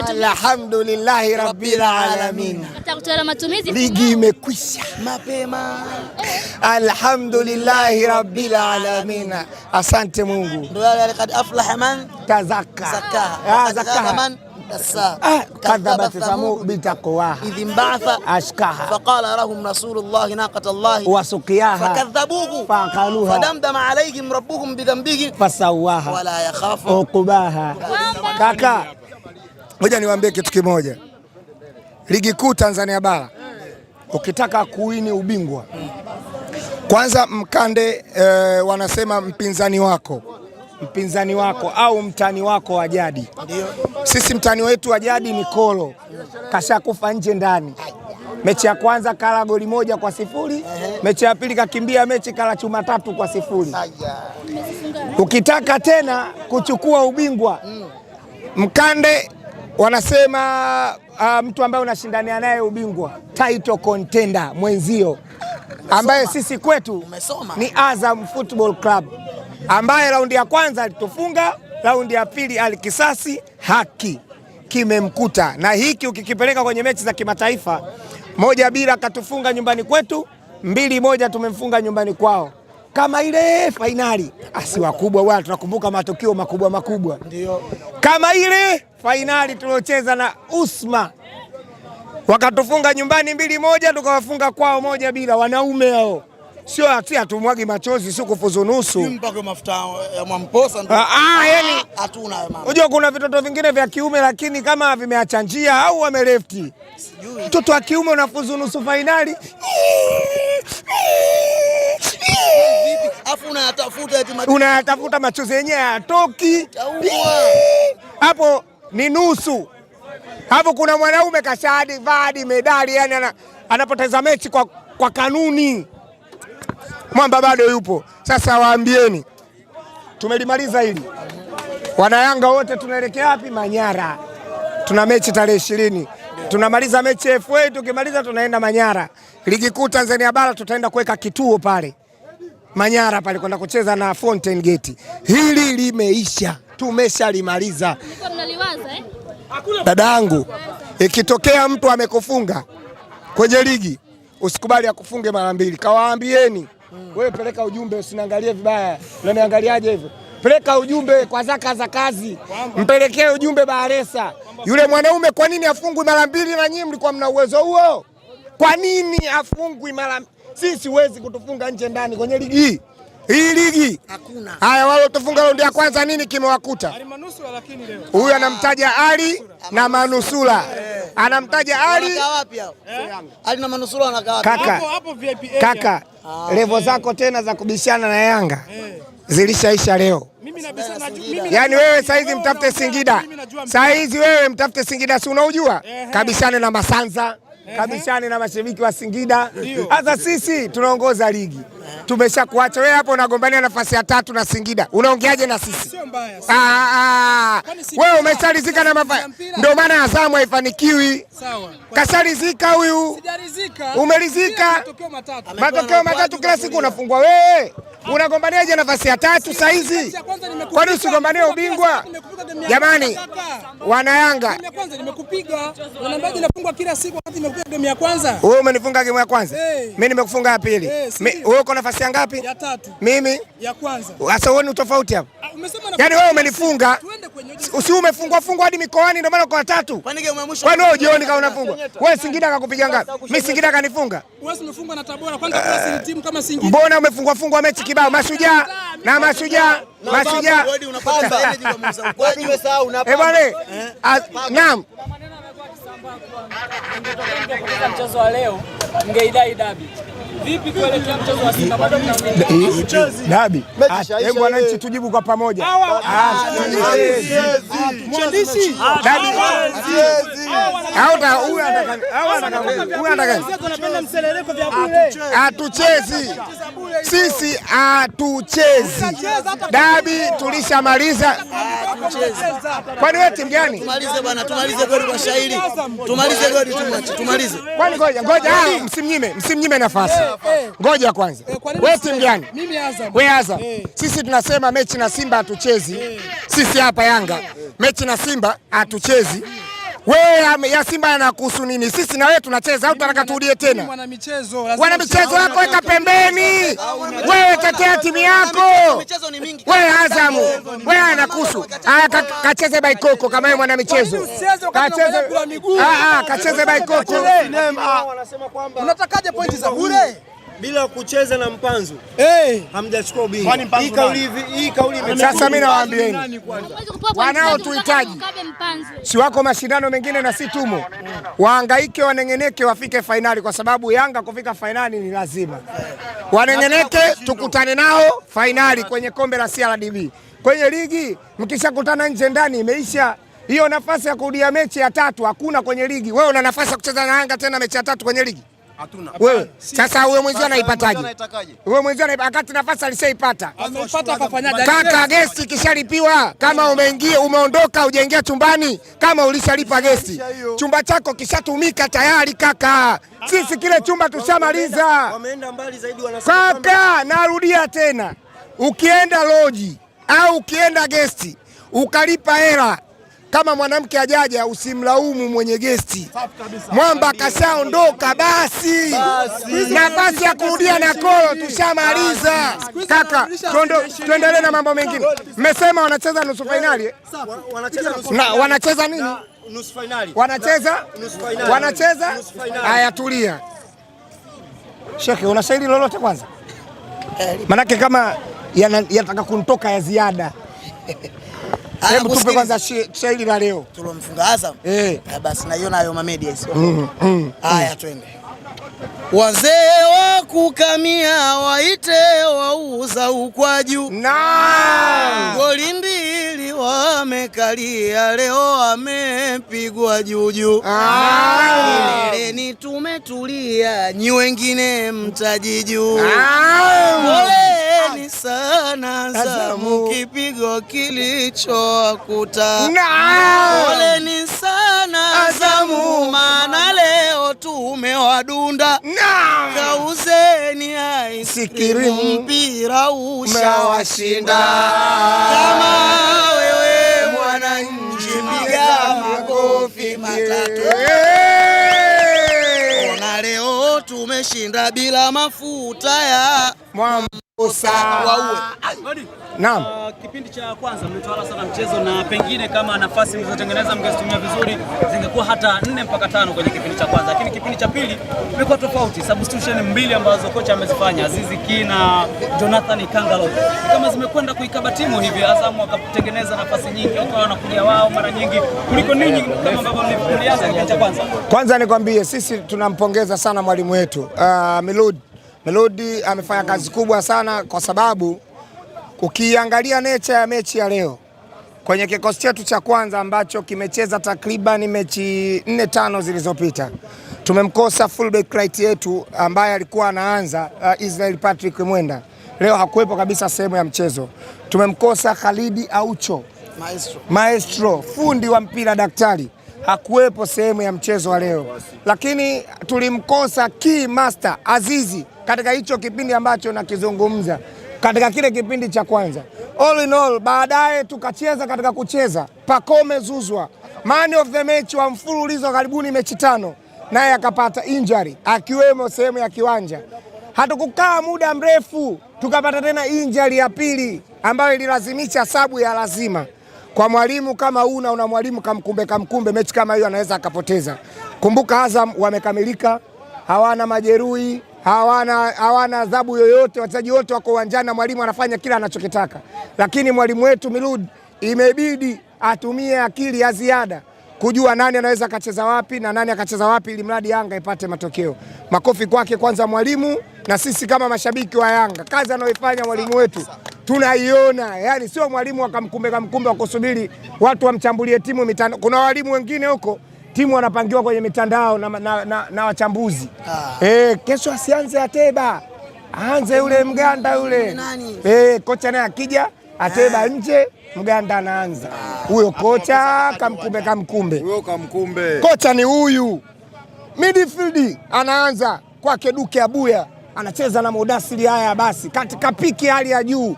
Alhamdulillahi rabbil alamin, ligi imekwisha mapema. Alhamdulillahi rabbil alamin, asante Mungu. Qad aflaha man tazakka ah, ah, kadhabat Thamud bitaqwaha idh inba'atha ashqaha faqala lahum rasulullahi naqatallahi wa suqiyaha fakadhabuhu faqaluha fadamdama alayhim rabbuhum bidhanbihim fasawwaha wala yakhafu uqbaha. Kaka Ngoja niwaambie kitu kimoja, ligi kuu Tanzania bara ukitaka kuwini ubingwa kwanza mkande e, wanasema mpinzani wako mpinzani wako au mtani wako wa jadi. Sisi mtani wetu wa jadi ni Kolo, kashakufa nje ndani. Mechi ya kwanza kala goli moja kwa sifuri, mechi ya pili kakimbia mechi kala chuma tatu kwa sifuri. Ukitaka tena kuchukua ubingwa mkande wanasema uh, mtu ambaye unashindania naye ubingwa title contender mwenzio ambaye sisi kwetu umesoma, ni Azam Football Club ambaye raundi ya kwanza alitufunga, raundi ya pili alikisasi, haki kimemkuta. Na hiki ukikipeleka kwenye mechi za kimataifa, moja bila katufunga nyumbani kwetu, mbili moja tumemfunga nyumbani kwao kama ile fainali asi ah, wakubwa bwana, tunakumbuka matukio makubwa makubwa, ndio kama ile fainali tuliocheza na Usma wakatufunga nyumbani mbili moja, tukawafunga kwao moja bila. Wanaume hao sio ati hatumwagi machozi, sio kufuzu nusu. Ah, ah, unajua kuna vitoto vingine vya kiume lakini kama vimeacha njia au wamelefti. Mtoto wa kiume unafuzu nusu fainali afu unayatafuta eti unayatafuta, machozi yenyewe hayatoki. Hapo ni nusu. Hapo kuna mwanaume kashadi vadi medali, yani anapoteza mechi kwa, kwa kanuni. Mwamba bado yupo. Sasa waambieni, tumelimaliza hili. Wanayanga wote tunaelekea wapi? Manyara. Tuna mechi tarehe ishirini tunamaliza mechi FA, tukimaliza tunaenda Manyara, ligi kuu Tanzania bara, tutaenda kuweka kituo pale Manyara pale kwenda kucheza na Fountain Gate. Hili limeisha, tumeshalimaliza eh? dadangu. Dada yangu, ikitokea mtu amekufunga kwenye ligi usikubali akufunge mara mbili, kawaambieni hmm. Wewe peleka ujumbe, usiniangalie vibaya, unaniangaliaje hivyo? Peleka ujumbe kwa zaka za kazi, mpelekee ujumbe Baharesa yule mwanaume, kwa nini afungwi mara mbili? Na nyinyi mlikuwa mna uwezo huo, kwa nini afungwi mara sisi huwezi kutufunga nje ndani kwenye ligi hii hii ligi hakuna. Haya, wao tufunga raundi ya kwanza, nini kimewakuta? Huyu anamtaja Ali na yeah. anamtaja Ali eh? kaka, kaka ah, levo eh. zako tena za kubishana na Yanga eh. zilishaisha leo. Yaani wewe saizi mtafute Singida, saizi wewe mtafute Singida, si unaujua kabishane na Masanza Eh, kabishane na mashabiki wa Singida. Sasa sisi tunaongoza ligi, tumesha kuacha wewe hapo unagombania nafasi ya tatu na Singida, unaongeaje na sisi? Ah, ah. Wewe umesharizika na mafaya, ndio maana Azamu haifanikiwi. Kasharizika huyu, umerizika matokeo matatu kila siku unafungwa wewe unagombaniaje nafasi ya tatu saa hizi? Kwani usigombanie ubingwa? Jamani Yanga, wewe umenifunga game ya kwanza, mimi nimekufunga ya pili. Wewe uko nafasi ya ngapi? Mimi ya kwanza. Sasa uone utofauti hapo, yaani wewe umenifunga usi umefungwa fungwa hadi mikoani, ndio maana kwa tatu. Kwani wewe ujioni kama unafungwa? Wewe Singida akakupiga ngapi? Mimi Singida akanifunga. Wewe umefungwa na Tabora, kwanza kwa timu kama Singida. Mbona umefungwa fungwa mechi kibao? Mashujaa na mashujaa mashujaa. Eh bwana, eh? ah, naam. Mchezo wa leo mgeidai dabi Vipi kuelekea mchezo wa Simba bado mchezo? dabi? Hebu wananchi tujibu kwa pamoja. Mwandishi hatuchezi, sisi hatuchezi dabi, tulishamaliza. Kwani wewe timu gani? Tumalize bwana, tumalize goli kwa shahiri. Tumalize goli tumwache, tumalize. Kwani ngoja, ngoja ah, msimnyime, msimnyime nafasi. Eh, eh. Ngoja kwanza. Eh, wewe timu gani? Mimi Azam. Wewe Azam. Sisi tunasema mechi na Simba hatuchezi. Sisi hapa Yanga. Mechi na Simba hatuchezi wewe ya Simba yanakuhusu nini? Sisi na wewe tunacheza au tunataka turudie tena? Wana michezo wako weka pembeni, wewe tetea timu yako. Wewe Azamu, wewe anakuhusu. Ah, ah, ah, kacheze baikoko kama yeye mwana michezo, kacheze baikoko. Unatakaje pointi za bure? bila kucheza na mpanzu hey, hamjachukua ubingwa. Hii kauli hii kauli sasa, mimi nawaambieni tuhitaji, si wako mashindano mengine na si tumo, waangaike wanengeneke, wafike fainali, kwa sababu Yanga kufika fainali ni lazima wanengeneke, tukutane nao fainali kwenye kombe la CRDB. Kwenye ligi mkishakutana nje ndani, imeisha hiyo nafasi ya kurudia mechi ya tatu, hakuna kwenye ligi. Wewe una nafasi ya kucheza na Yanga tena mechi ya tatu kwenye ligi Hatuna. Wewe sasa huyo mwenzio anaipataje? Wewe mwenzio wakati nafasi alishaipata. Ameipata akafanya dalili. Kaka gesti kishalipiwa kama umeingia umeondoka ujaingia chumbani kama ulishalipa gesti. Chumba chako kishatumika tayari kaka. Sisi kile chumba tushamaliza. Wameenda mbali zaidi wanasema. Kaka narudia tena. Ukienda loji au ukienda gesti ukalipa hela kama mwanamke ajaja usimlaumu mwenye gesti. Mwamba kashaondoka basi, Nafasi ya kurudia na kolo tushamaliza kaka, tuendelee na mambo mengine. Mmesema wanacheza nusu fainali, wanacheza nini? Wanacheza wanacheza. Haya, tulia shekhe, unashairi lolote kwanza, eh, manake kama yanataka kuntoka ya ziada Ah, Hebu tupe kwanza shairi la leo tulomfunga Azam. Eh, eh basi naiona hayo mamedia hizo. Mm, mm, mm. Haya, twende. Wazee wa kukamia waite wauza ukwaju. Naam. Goli mbili wamekalia leo wamepigwa juju. ni tumetulia nyi wengine mtajiju. Naam. Poleni sana Zamu kipigo kilicho kilichowakuta. Poleni sana Zamu, maana leo tumewadunda. Kauzeni aisikiri, mpira ushawashinda. Kama wewe mwananchi, piga makofi matatu na leo tumeshinda bila mafuta ya Mwambosa ah, waue. Naam, ah, kipindi cha kwanza mlitawala sana mchezo, na pengine kama nafasi mlizotengeneza mngezitumia vizuri zingekuwa hata nne mpaka tano kwenye kipindi cha kwanza, lakini kipindi cha pili imekuwa tofauti. Substitution mbili ambazo kocha amezifanya Azizi Ki na Jonathan Kangalo kama zimekwenda kuikaba timu hivi, Azamu wakatengeneza nafasi nyingi, wakawa wanakulia wao mara nyingi kuliko ninyi kama ambavyo mlianza kipindi cha kwanza. Kwanza nikwambie, sisi tunampongeza sana mwalimu wetu uh, Milud melodi amefanya kazi kubwa sana, kwa sababu ukiangalia necha ya mechi ya leo kwenye kikosi chetu cha kwanza ambacho kimecheza takriban mechi nne tano zilizopita tumemkosa fullback right yetu ambaye alikuwa anaanza uh, Israel Patrick Mwenda leo hakuwepo kabisa sehemu ya mchezo. Tumemkosa Khalidi Aucho maestro, maestro fundi wa mpira daktari hakuwepo sehemu ya mchezo wa leo, lakini tulimkosa key master Azizi katika hicho kipindi ambacho nakizungumza, katika kile kipindi cha kwanza. All in all, baadaye tukacheza katika kucheza, Pacome Zuzwa man of the match wa mfululizo karibuni mechi tano, naye akapata injury akiwemo sehemu ya kiwanja. Hatukukaa muda mrefu tukapata tena injury ya pili ambayo ililazimisha sabu ya lazima kwa mwalimu kama na una mwalimu kamkumbe kamkumbe, mechi kama hiyo anaweza akapoteza. Kumbuka Azam wamekamilika hawana majeruhi, hawana hawana adhabu yoyote, wachezaji wote wako uwanjani na mwalimu anafanya kila anachokitaka. Lakini mwalimu wetu Milud imebidi atumie akili ya ziada kujua nani anaweza akacheza wapi na nani akacheza wapi, ili mradi Yanga ipate matokeo. Makofi kwake kwanza mwalimu, na sisi kama mashabiki wa Yanga, kazi anayoifanya mwalimu wetu tunaiona. Yani sio mwalimu akamkumbe kamkumbe, wakusubiri watu wamchambulie timu mitano. Kuna walimu wengine huko timu wanapangiwa kwenye mitandao na, na, na, na wachambuzi ah. E, kesho asianze Ateba, aanze yule Mganda yule e, kocha naye akija Ateba eh. nje Mganda anaanza ah. huyo ah. Kocha kamkumbe kamkumbe, huyo kamkumbe, kocha ni huyu. Midfield anaanza kwake Duke Abuya, anacheza na Modasili. Haya basi, katika piki hali ya juu